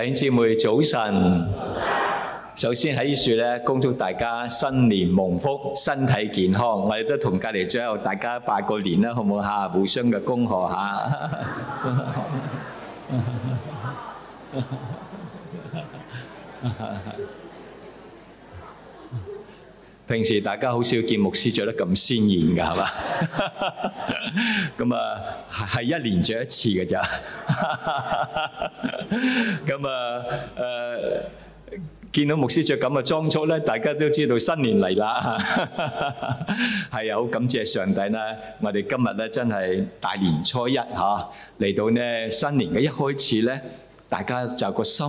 弟兄姊妹早晨，首先喺呢處咧，恭祝大家新年蒙福，身體健康。我哋都同隔籬最後大家拜個年啦，好唔好吓？互相嘅恭賀吓。平時大家好少見牧師着得咁鮮豔㗎，係嘛？咁 啊，係一年着一次㗎咋？咁啊，誒、呃，見到牧師着咁嘅裝束咧，大家都知道新年嚟啦。 係啊，好感謝上帝啦！我哋今日咧真係大年初一嚇，嚟、啊、到呢新年嘅一開始咧。大家就個心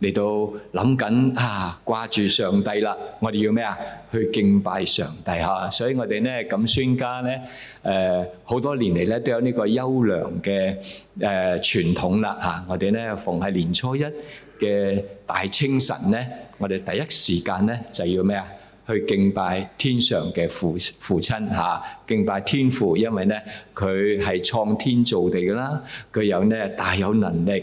嚟到諗緊啊，掛住上帝啦！我哋要咩啊？去敬拜上帝嚇、啊。所以我哋呢，咁孫家呢，誒、呃、好多年嚟呢都有呢個優良嘅誒傳統啦嚇、啊。我哋呢，逢係年初一嘅大清晨呢，我哋第一時間呢，就要咩啊？去敬拜天上嘅父父親嚇、啊，敬拜天父，因為呢，佢係創天造地㗎啦，佢有呢大有能力。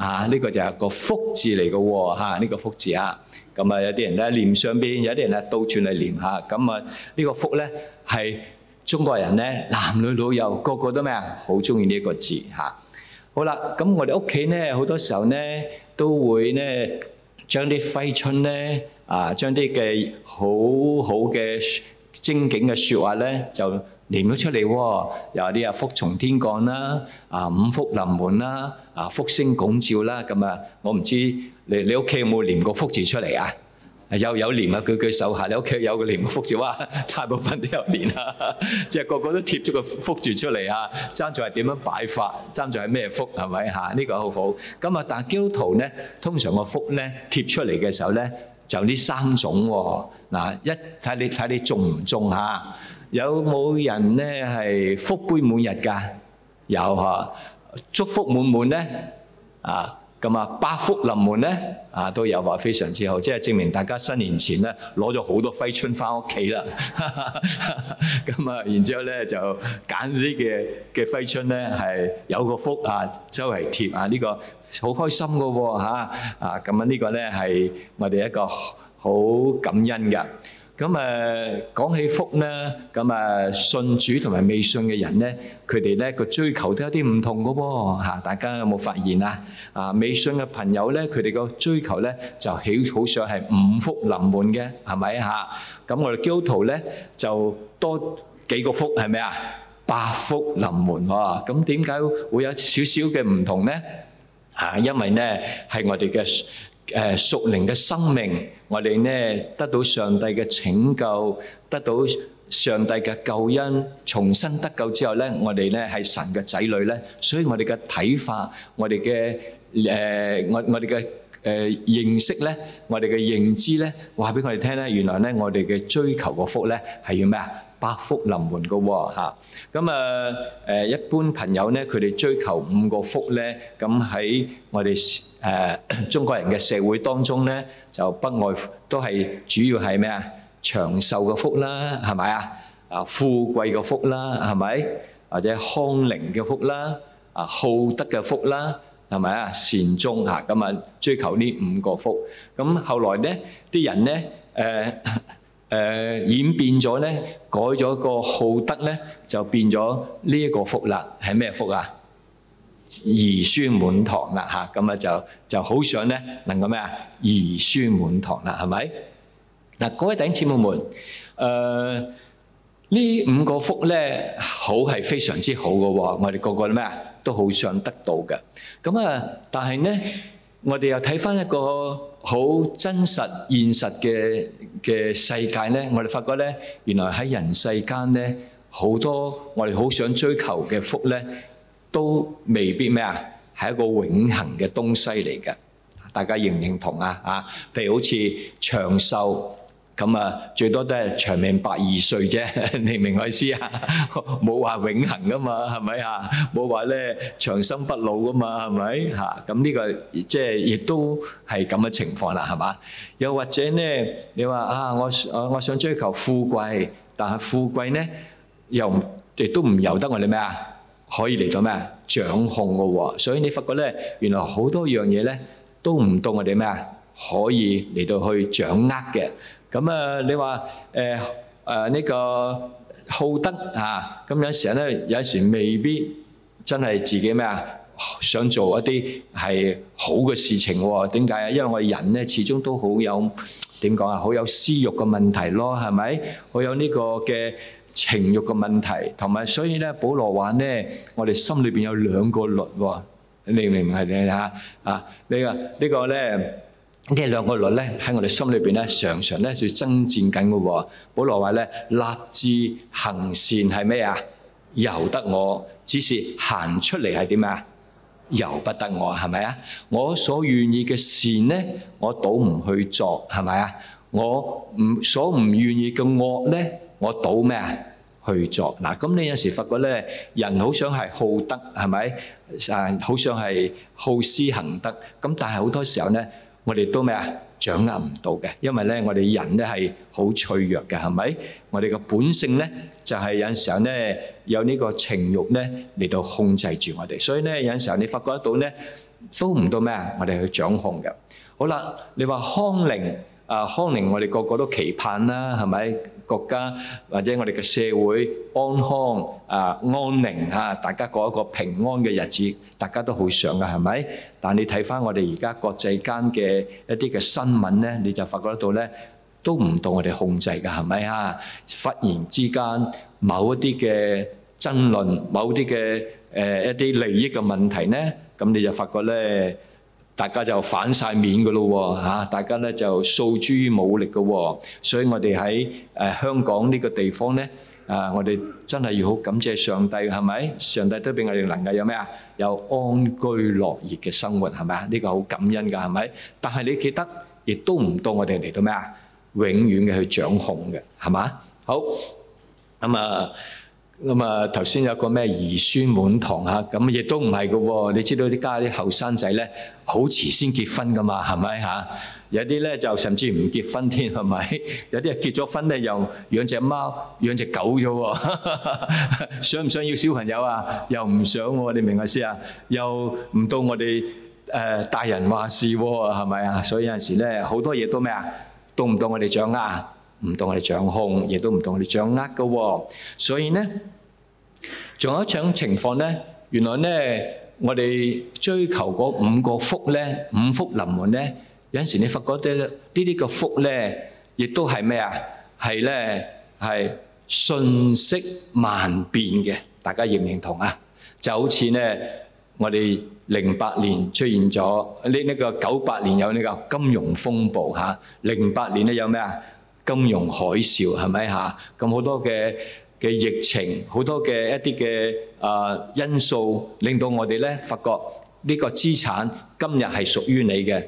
啊！呢、這個就係個福字嚟嘅喎，呢、這個福字啊，咁啊有啲人咧黏上邊，有啲人咧倒轉嚟黏嚇。咁、嗯、啊，呢、這個福咧係中國人咧，男女老幼個個都咩啊？好中意、嗯、呢一個字嚇。好啦，咁我哋屋企咧好多時候咧都會咧將啲揮春咧啊，將啲嘅好好嘅精景嘅說話咧就。黏咗出嚟喎，有啲啊福從天降啦，啊五福臨門啦，啊福星拱照啦，咁、嗯、啊我唔知你你屋企有冇黏個福字出嚟啊？有有黏啊，舉舉手下。你屋企有嘅黏個福字，哇！大部分都有黏啊，即 係個個都貼咗個福字出嚟啊！爭在係點樣擺法，爭在係咩福係咪嚇？呢、啊呢個好好。咁、嗯、啊，但係基督徒咧，通常個福咧貼出嚟嘅時候咧。就呢三種喎、啊，嗱一睇你睇你中唔中嚇？有冇人咧係福杯滿溢㗎？有嚇、啊，祝福滿滿咧，啊咁啊百福臨門咧，啊都有話、啊、非常之好，即、就、係、是、證明大家新年前咧攞咗好多揮春翻屋企啦，咁 啊然之後咧就揀呢嘅嘅揮春咧係有個福啊，周圍貼啊呢、這個。好開心噶喎嚇！啊咁樣呢個咧係我哋一個好感恩嘅。咁誒講起福咧，咁誒信主同埋未信嘅人咧，佢哋咧個追求都有啲唔同噶喎嚇！大家有冇發現啊？啊，未信嘅朋友咧，佢哋個追求咧就好想係五福臨門嘅，係咪啊？咁我哋基督徒咧就多幾個福係咪啊？八福臨門喎！咁點解會有少少嘅唔同咧？啊！因為呢係我哋嘅誒屬靈嘅生命，我哋呢得到上帝嘅拯救，得到上帝嘅救恩，重新得救之後呢，我哋呢係神嘅仔女呢。所以我哋嘅睇法，我哋嘅誒我我哋嘅誒認識呢，我哋嘅認知呢，話俾我哋聽呢，原來呢，我哋嘅追求個福呢係要咩啊？百福臨門嘅喎嚇，咁啊誒一般朋友咧，佢哋追求五個福咧，咁喺我哋誒中國人嘅社會當中咧，就不外都係主要係咩啊？長壽嘅福啦，係咪啊？啊，富貴嘅福啦，係咪？或者康寧嘅福啦，啊，好德嘅福啦，係咪啊？善終嚇，咁啊追求呢五個福，咁後來咧啲人咧誒。誒演變咗咧，改咗個好德咧，就變咗呢一個福啦，係咩福啊？兒孫滿堂啦嚇，咁啊就就好想咧能夠咩啊？兒孫滿堂啦，係咪？嗱，各位弟兄姊妹們，誒呢五個福咧，好係非常之好嘅喎，我哋個個都咩啊，都好想得到嘅。咁啊，但係咧。我哋又睇翻一個好真實現實嘅世界咧，我哋發覺咧，原來喺人世間呢，好多我哋好想追求嘅福呢，都未必咩啊？係一個永恆嘅東西嚟嘅，大家認唔認同啊？啊，譬如好似長壽。咁啊，最多都係長命百二歲啫。你明我意思啊？冇話永恆噶嘛，係咪啊？冇話咧長生不老噶嘛，係咪嚇？咁呢個即係亦都係咁嘅情況啦，係嘛？又或者咧，你話啊，我我我想追求富貴，但係富貴咧又亦都唔由得我哋咩啊？可以嚟到咩啊？掌控嘅喎。所以你發覺咧，原來好多樣嘢咧都唔到我哋咩啊？可以嚟到去掌握嘅。咁啊，你話誒誒呢個好德啊，咁有時咧，有時未必真係自己咩啊？想做一啲係好嘅事情喎？點解啊？因為我哋人咧始終都好有點講啊，好有私慾嘅問題咯，係咪？好有呢個嘅情慾嘅問題，同埋所以咧，保羅話咧，我哋心裏面有兩個律，你明唔明係點啊？啊，呢個呢個咧。呢兩個律咧，喺我哋心裏邊咧常常咧在爭戰緊噶喎。保羅話咧，立志行善係咩啊？由得我，只是行出嚟係點啊？由不得我，係咪啊？我所願意嘅善呢，我倒唔去作，係咪啊？我唔所唔願意嘅惡呢，我倒咩啊？去作嗱。咁你有時發覺咧，人好想係好德，係咪啊？好想係好施行德。咁但係好多時候咧。我哋都咩啊？掌握唔到嘅，因為咧，我哋人咧係好脆弱嘅，係咪？我哋個本性咧，就係有陣時候咧，有呢個情慾咧嚟到控制住我哋，所以咧有陣時候你發覺得到咧，都唔到咩啊？我哋去掌控嘅。好啦，你話康寧啊，康寧，我哋個個都期盼啦，係咪？國家或者我哋嘅社會安康啊、安寧嚇，大家過一個平安嘅日子，大家都好想噶，係咪？但你睇返我哋而家國際間嘅一啲嘅新聞呢，你就發覺得到呢，都唔到我哋控制嘅，係咪嚇？忽然之間某一啲嘅爭論、某啲嘅誒一啲、呃、利益嘅問題呢，咁你就發覺呢。大家就反曬面嘅咯喎，嚇！大家咧就訴諸於武力嘅喎，所以我哋喺誒香港呢個地方咧，啊，我哋真係要好感謝上帝，係咪？上帝都俾我哋能夠有咩啊？有安居樂業嘅生活，係咪啊？呢個好感恩㗎，係咪？但係你記得，亦都唔當我哋嚟到咩啊？永遠嘅去掌控嘅，係嘛？好，咁啊。咁啊，頭先有個咩兒孫滿堂啊，咁亦都唔係㗎喎。你知道啲家啲後生仔呢，好遲先結婚㗎嘛，係咪嚇？有啲呢就甚至唔結婚添，係咪？有啲啊結咗婚呢，又養隻貓、養隻狗㗎喎，想唔想要小朋友啊？又唔想喎，啊，你明我意思啊？又唔到我哋大人話事喎，係咪啊？所以有陣時呢好多嘢都咩啊？到唔到我哋掌握？唔到我哋掌控，亦都唔到我哋掌握㗎，所以呢，仲有一種情況呢。原來呢，我哋追求嗰五個福呢，五福臨門呢，有陣時你發覺啲呢啲個福呢，亦都係咩啊？係呢，係瞬息萬變嘅。大家認唔認同啊？就好似呢，我哋零八年出現咗呢呢個九八年有呢個金融風暴嚇，零八年呢有咩啊？金融海嘯係咪嚇？咁好多嘅嘅疫情，好多嘅一啲嘅啊因素，令到我哋咧，發覺呢個資產今日係屬於你嘅，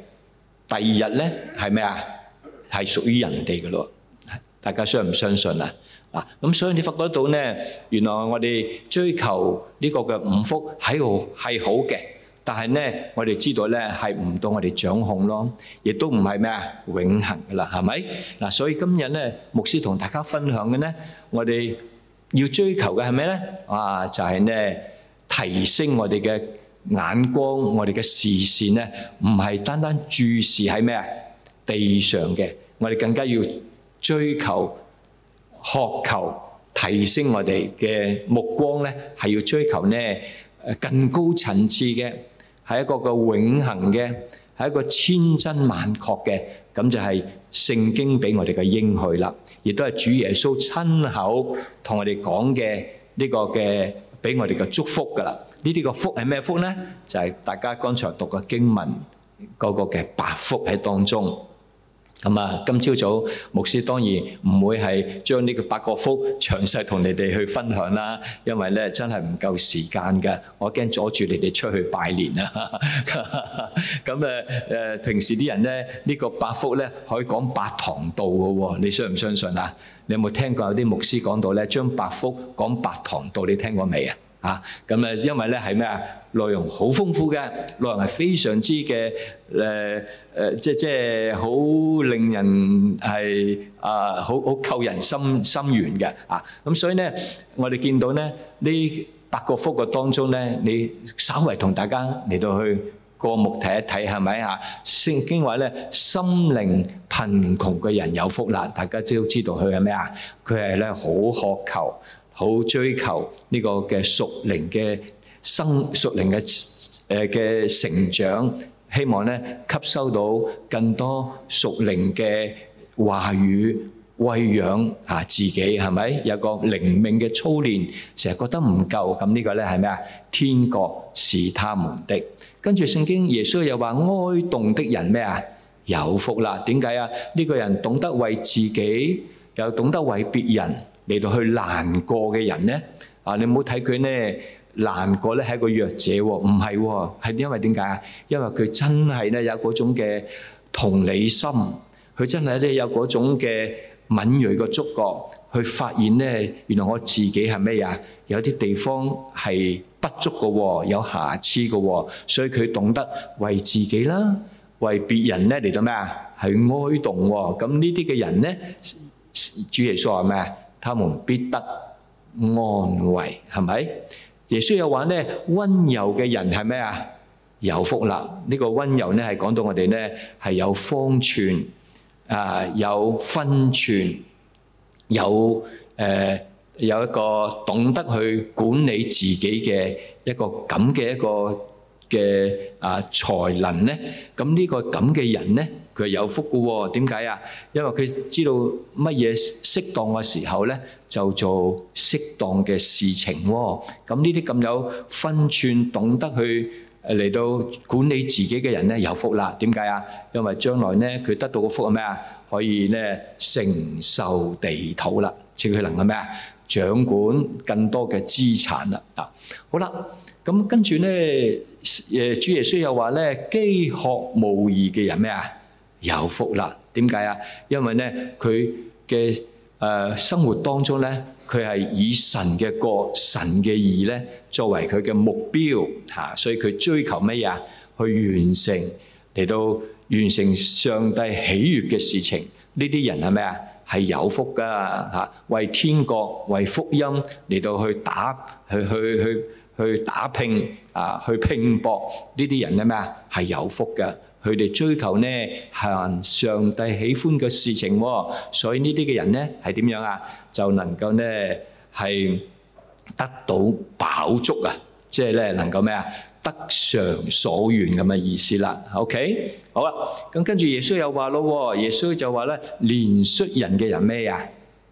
第二日咧係咩啊？係屬於人哋嘅咯。大家相唔相信啊？嗱，咁所以你發覺到咧，原來我哋追求呢個嘅五福喺度係好嘅。但係咧，我哋知道咧，係唔到我哋掌控咯，亦都唔係咩啊，永恆噶啦，係咪？嗱，所以今日咧，牧師同大家分享嘅咧，我哋要追求嘅係咩咧？啊，就係咧，提升我哋嘅眼光，我哋嘅視線咧，唔係單單注視喺咩啊，地上嘅，我哋更加要追求渴求提升我哋嘅目光咧，係要追求咧，誒更高層次嘅。係一個個永恆嘅，係一個千真萬確嘅，咁就係聖經俾我哋嘅應許啦，亦都係主耶穌親口同我哋講嘅呢個嘅俾我哋嘅祝福噶啦。呢啲個福係咩福呢？就係、是、大家剛才讀嘅經文嗰個嘅八福喺當中。咁啊，今朝早，早牧師當然唔會係將呢個八個福詳細同你哋去分享啦，因為咧真係唔夠時間㗎，我驚阻住你哋出去拜年啊！咁誒誒，平時啲人咧呢，呢個八福咧可以講八堂道嘅喎，哦，你相唔相信啊？你有冇聽過有啲牧師講到咧將八福講八堂道？你聽過未啊？啊，咁咧，因為咧係咩啊？內容好豐富嘅，內容係非常之嘅，誒、呃、誒、呃，即即係好令人係啊，好、呃、好扣人心心絃嘅啊。咁所以咧，我哋見到咧呢八個福嘅當中咧，你稍為同大家嚟到去過目睇一睇，係咪啊？聖經話咧，心靈貧窮嘅人有福啦，大家都知道佢係咩啊？佢係咧好渴求。好追求呢個嘅屬靈嘅生屬靈嘅誒嘅成長，希望咧吸收到更多屬靈嘅話語餵養啊，自己係咪有個靈命嘅操練？成日覺得唔夠，咁呢個咧係咩啊？天國是他們的。跟住聖經耶穌又話，哀慟的人咩啊？有福啦！點解啊？呢個人懂得為自己，又懂得為別人。嚟到去難過嘅人咧，啊！你唔好睇佢咧難過咧係一個弱者喎，唔係喎，係因為點解啊？因為佢真係咧有嗰種嘅同理心，佢真係咧有嗰種嘅敏鋭嘅觸覺，去發現咧原來我自己係咩呀？有啲地方係不足嘅，有瑕疵嘅，所以佢懂得為自己啦，為別人咧嚟到咩啊？係哀慟喎。咁呢啲嘅人咧，主耶穌話咩啊？他們必得安慰，係咪？耶穌又話呢，溫柔嘅人係咩啊？有福啦！呢、這個溫柔呢，係講到我哋呢，係有方寸啊，有分寸，有誒、呃、有一個懂得去管理自己嘅一個咁嘅一個嘅啊才能呢。咁、這、呢個咁嘅人呢？佢有福嘅喎，點解啊？因為佢知道乜嘢適當嘅時候咧，就做適當嘅事情喎。咁呢啲咁有分寸、懂得去嚟到管理自己嘅人咧，有福啦。點解啊？因為將來咧，佢得到個福係咩啊？可以咧承受地土啦，即佢能夠咩啊？掌管更多嘅資產啦。啊，好啦，咁跟住咧，誒主耶穌又話咧，饑渴慕義嘅人咩啊？有福啦？點解啊？因為咧，佢嘅誒生活當中咧，佢係以神嘅國、神嘅義咧作為佢嘅目標嚇、啊，所以佢追求咩呀？去完成嚟到完成上帝喜悅嘅事情，呢啲人係咩啊？係有福噶嚇、啊，為天國，為福音嚟到去打去去去去打拼啊，去拼搏呢啲人係咩啊？係有福噶。佢哋追求咧行上帝喜歡嘅事情喎，所以呢啲嘅人咧係點樣啊？就能夠咧係得到飽足啊！即係咧能夠咩啊？得償所願咁嘅意思啦。OK，好啦，咁跟住耶穌又話咯，耶穌就話咧，憐恤人嘅人咩呀？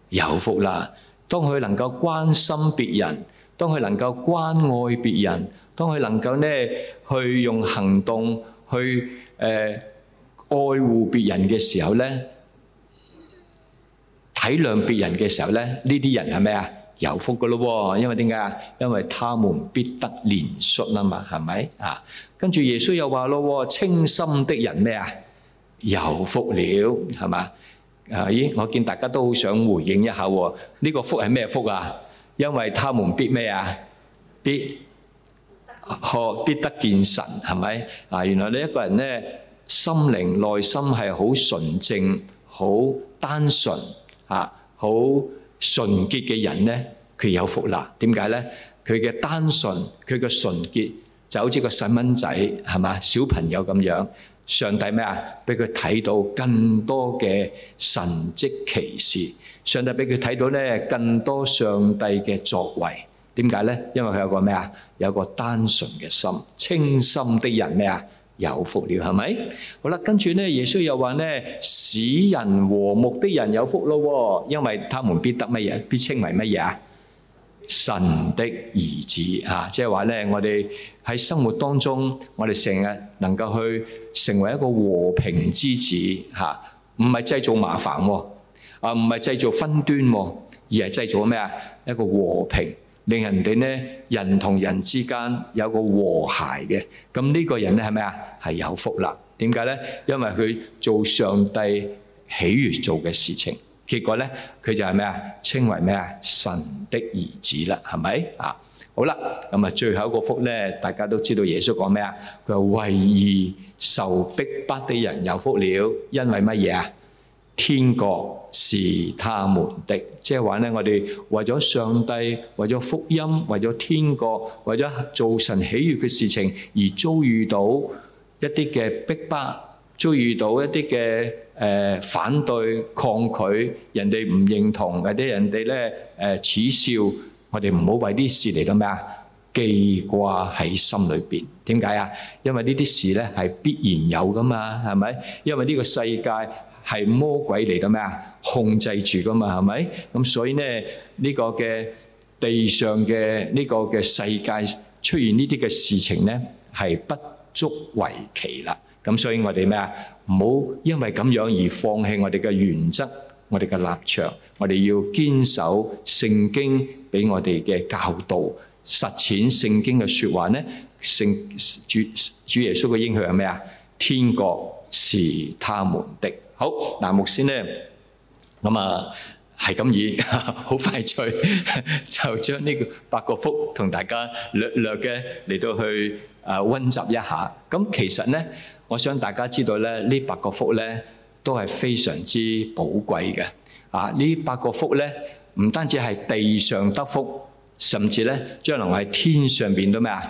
有福啦！當佢能夠關心別人，當佢能夠關愛別人，當佢能夠咧去用行動去。誒，愛護別人嘅時候呢，體諒別人嘅時候呢，呢啲人係咩啊？有福噶咯，因為點解啊？因為他們必得憐恤啊嘛，係咪啊？跟住耶穌又話咯，清心的人咩啊？有福了，係嘛？啊咦，我見大家都好想回應一下，呢個福係咩福啊？因為他們必咩啊？必何必得見神？係咪啊？原來呢一個人咧，心靈內心係好純正、好單純啊、好純潔嘅人咧，佢有福啦。點解咧？佢嘅單純，佢嘅純潔，就好似個細蚊仔，係嘛，小朋友咁樣。上帝咩啊？俾佢睇到更多嘅神蹟奇事。上帝俾佢睇到咧，更多上帝嘅作為。點解呢？因為佢有個咩啊？有個單純嘅心，清心的人咩啊？有福了，係咪？好啦，跟住呢，耶穌又話呢，使人和睦的人有福咯。因為他們必得乜嘢？必稱為乜嘢啊？神的兒子啊！即係話呢，我哋喺生活當中，我哋成日能夠去成為一個和平之子，吓，唔係製造麻煩，啊，唔係製造紛端，而係製造咩啊？一個和平。令人哋呢，人同人之間有個和諧嘅。咁、這、呢個人呢係咩？啊？係有福啦。點解呢？因為佢做上帝喜悅做嘅事情，結果呢，佢就係咩啊？稱為咩啊？神的兒子啦，係咪啊？好啦，咁啊最後一個福呢，大家都知道耶穌講咩啊？佢話為義受逼迫的人有福了，因為乜嘢啊？天國是他們的，即係話咧，我哋為咗上帝，為咗福音，為咗天國，為咗做神喜悅嘅事情，而遭遇到一啲嘅逼迫，遭遇到一啲嘅誒反對、抗拒，人哋唔認同，或者人哋咧誒恥笑，我哋唔好為啲事嚟到咩啊？記掛喺心裏邊，點解啊？因為呢啲事咧係必然有噶嘛，係咪？因為呢個世界。係魔鬼嚟到咩啊？控制住噶嘛，係咪？咁所以呢，呢個嘅地上嘅呢個嘅世界出現呢啲嘅事情咧，係不足為奇啦。咁所以我哋咩啊？唔好因為咁樣而放棄我哋嘅原則，我哋嘅立場，我哋要堅守聖經俾我哋嘅教導，實踐聖經嘅說話咧。聖主，主耶穌嘅應許係咩啊？天國。是他們的。好，嗱、啊，目前呢，咁啊，係咁以，好 快脆就將呢個八個福同大家略略嘅嚟到去啊溫習一下。咁其實呢，我想大家知道咧，呢八個福呢都係非常之寶貴嘅。啊，呢八個福呢，唔單止係地上得福，甚至呢，將來喺天上邊都咩啊，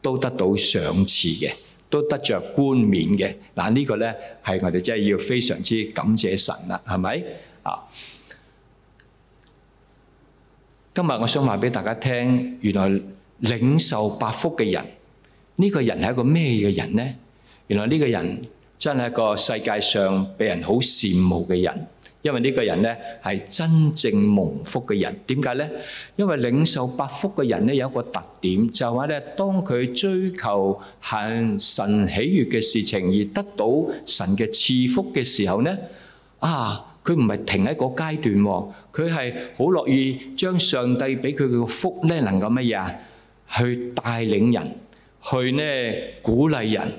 都得到賞賜嘅。都得着冠冕嘅，嗱、這個、呢個咧係我哋真係要非常之感謝神啦，係咪啊？今日我想話俾大家聽，原來領受百福嘅人，呢、這個人係一個咩嘅人呢？原來呢個人真係一個世界上俾人好羨慕嘅人。因為呢個人咧係真正蒙福嘅人，點解咧？因為領受八福嘅人咧有一個特點，就係話咧，當佢追求行神喜悦嘅事情而得到神嘅賜福嘅時候咧，啊，佢唔係停喺個階段，佢係好樂意將上帝俾佢嘅福咧，能夠乜嘢啊？去帶領人，去咧鼓勵人，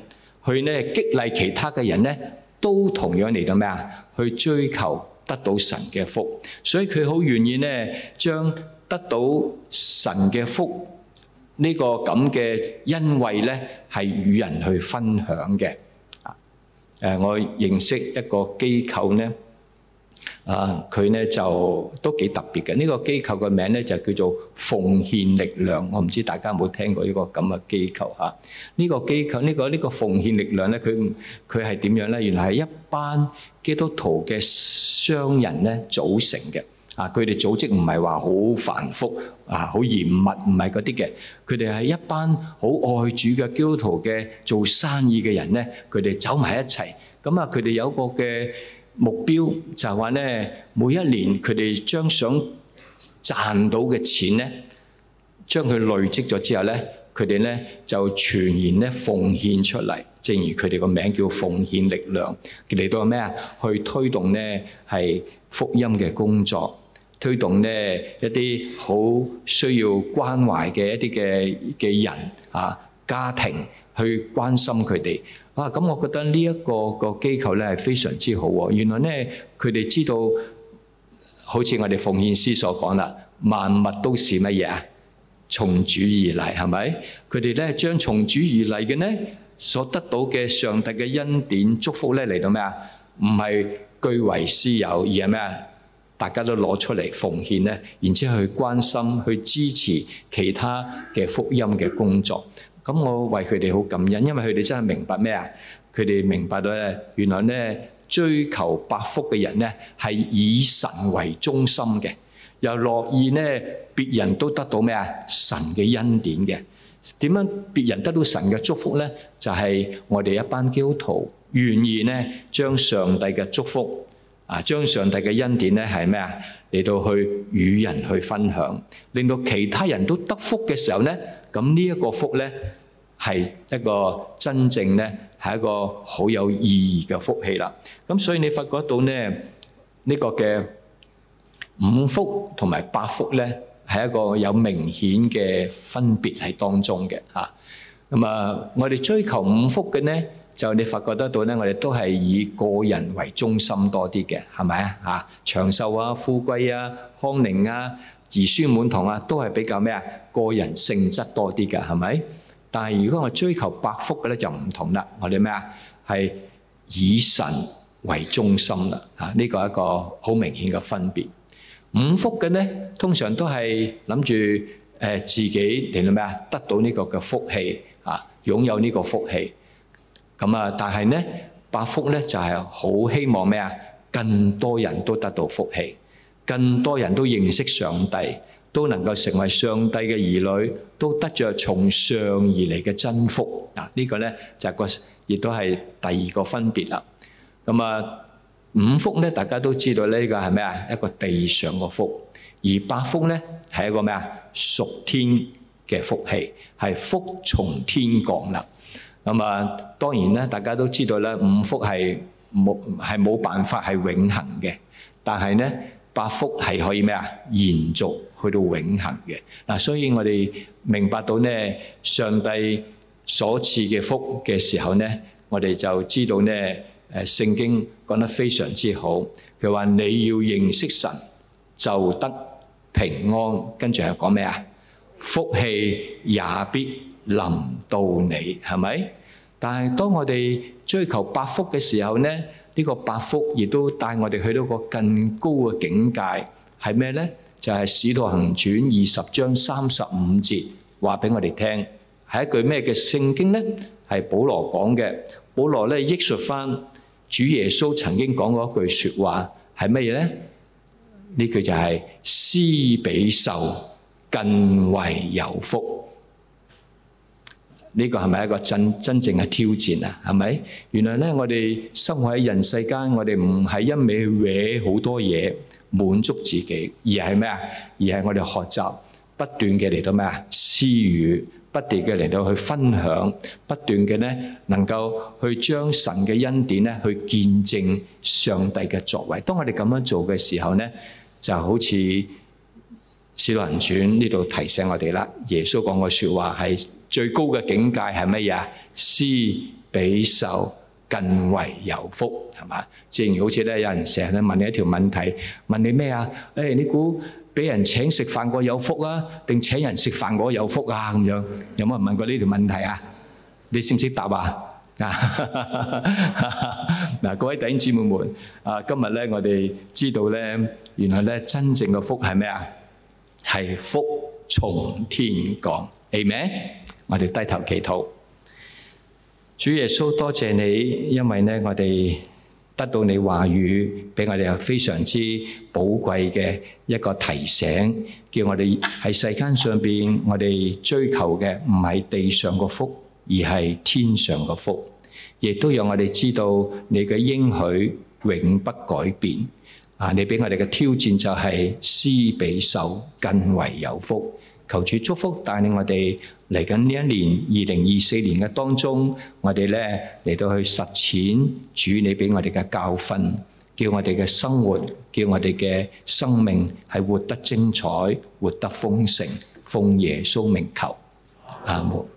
去咧激勵其他嘅人咧，都同樣嚟到咩啊？去追求。得到神嘅福，所以佢好願意呢，將得到神嘅福呢、呢個咁嘅恩惠呢係與人去分享嘅。啊、呃，我認識一個機構呢。啊！佢呢就都幾特別嘅，呢個機構嘅名呢就叫做奉獻力量。我唔知大家有冇聽過呢個咁嘅機構啊？呢個機構呢個呢個奉獻力量呢，佢佢係點樣呢？原來係一班基督徒嘅商人呢組成嘅。啊，佢哋組織唔係話好繁複啊，好嚴密，唔係嗰啲嘅。佢哋係一班好愛主嘅基督徒嘅做生意嘅人呢，佢哋走埋一齊。咁啊，佢哋有個嘅。目標就係話呢，每一年佢哋將想賺到嘅錢呢，將佢累積咗之後呢，佢哋呢就全然呢奉獻出嚟。正如佢哋個名叫奉獻力量，佢哋都到咩啊？去推動呢係福音嘅工作，推動呢一啲好需要關懷嘅一啲嘅嘅人啊、家庭去關心佢哋。啊，咁我覺得呢一個個機構咧係非常之好喎。原來咧，佢哋知道，好似我哋奉獻詩所講啦，萬物都是乜嘢啊？從主而嚟係咪？佢哋咧將從主而嚟嘅呢，所得到嘅上帝嘅恩典祝福咧嚟到咩啊？唔係據為私有，而係咩啊？大家都攞出嚟奉獻咧，然之後去關心、去支持其他嘅福音嘅工作。咁我為佢哋好感恩，因為佢哋真係明白咩啊？佢哋明白到咧，原來咧追求百福嘅人咧，係以神為中心嘅，又樂意咧，別人都得到咩啊？神嘅恩典嘅。點樣別人得到神嘅祝福咧？就係我哋一班基督徒願意咧，將上帝嘅祝福啊，將上帝嘅恩典咧，係咩啊？嚟到去與人去分享，令到其他人都得福嘅時候咧。咁呢一個福呢，係一個真正呢，係一個好有意義嘅福氣啦。咁所以你發覺到呢，呢個嘅五福同埋八福呢，係一個有明顯嘅分別喺當中嘅嚇。咁啊，我哋追求五福嘅呢，就你發覺得到呢，我哋都係以個人為中心多啲嘅，係咪啊？嚇，長壽啊，富貴啊，康寧啊。兒孫滿堂啊，都係比較咩啊？個人性質多啲嘅係咪？但係如果我追求百福嘅咧，就唔同啦。我哋咩啊？係以神為中心啦。啊，呢個係一個好明顯嘅分別。五福嘅呢，通常都係諗住誒自己嚟到咩啊？得到呢個嘅福氣啊，擁有呢個福氣。咁啊，但係呢，百福呢，就係、是、好希望咩啊？更多人都得到福氣。更多人都認識上帝，都能夠成為上帝嘅兒女，都得著從上而嚟嘅真福。嗱，呢個咧就係個，亦都係第二個分別啦。咁啊，五福咧，大家都知道呢個係咩啊？一個地上個福，而八福咧係一個咩啊？屬天嘅福氣係福從天降啦。咁啊，當然咧，大家都知道咧，五福係冇係冇辦法係永恆嘅，但係咧。八福係可以咩啊？延續去到永恆嘅。嗱，所以我哋明白到咧，上帝所賜嘅福嘅時候咧，我哋就知道咧，誒聖經講得非常之好，佢話你要認識神就得平安，跟住又講咩啊？福氣也必臨到你，係咪？但係當我哋追求八福嘅時候咧？呢個八福亦都帶我哋去到個更高嘅境界，係咩呢？就係《使徒行傳》二十章三十五節話俾我哋聽，係一句咩嘅聖經呢？係保羅講嘅。保羅咧憶述翻主耶穌曾經講過一句説話，係乜嘢呢？呢句就係施比受更為有福。呢個係咪一個真真正嘅挑戰啊？係咪？原來咧，我哋生活喺人世間，我哋唔係一味搲好多嘢滿足自己，而係咩啊？而係我哋學習不斷嘅嚟到咩啊？施予不斷嘅嚟到去分享，不斷嘅咧能夠去將神嘅恩典咧去見證上帝嘅作為，當我哋咁樣做嘅時候咧，就好似《使徒行傳》呢度提醒我哋啦。耶穌講嘅說話係。最高嘅境界係乜嘢？施比受更為有福，係嘛？正如好似咧，有人成日咧問你一條問題，問你咩啊？誒，你估俾人請食飯個有福啊，定請人食飯個有福啊？咁樣有冇人問過呢條問題啊？你識唔識答啊？嗱，各位弟兄姊妹們，啊，今日咧我哋知道咧，原來咧真正嘅福係咩啊？係福從天降，係咩。我哋低頭祈禱，主耶穌多謝你，因為呢，我哋得到你話語，俾我哋非常之寶貴嘅一個提醒，叫我哋喺世間上邊，我哋追求嘅唔係地上個福，而係天上個福，亦都讓我哋知道你嘅應許永不改變。啊，你俾我哋嘅挑戰就係，施比受更為有福。求主祝福，帶領我哋嚟緊呢一年二零二四年嘅當中，我哋咧嚟到去實踐主你俾我哋嘅教訓，叫我哋嘅生活，叫我哋嘅生命係活得精彩，活得豐盛，奉耶穌名求，阿門。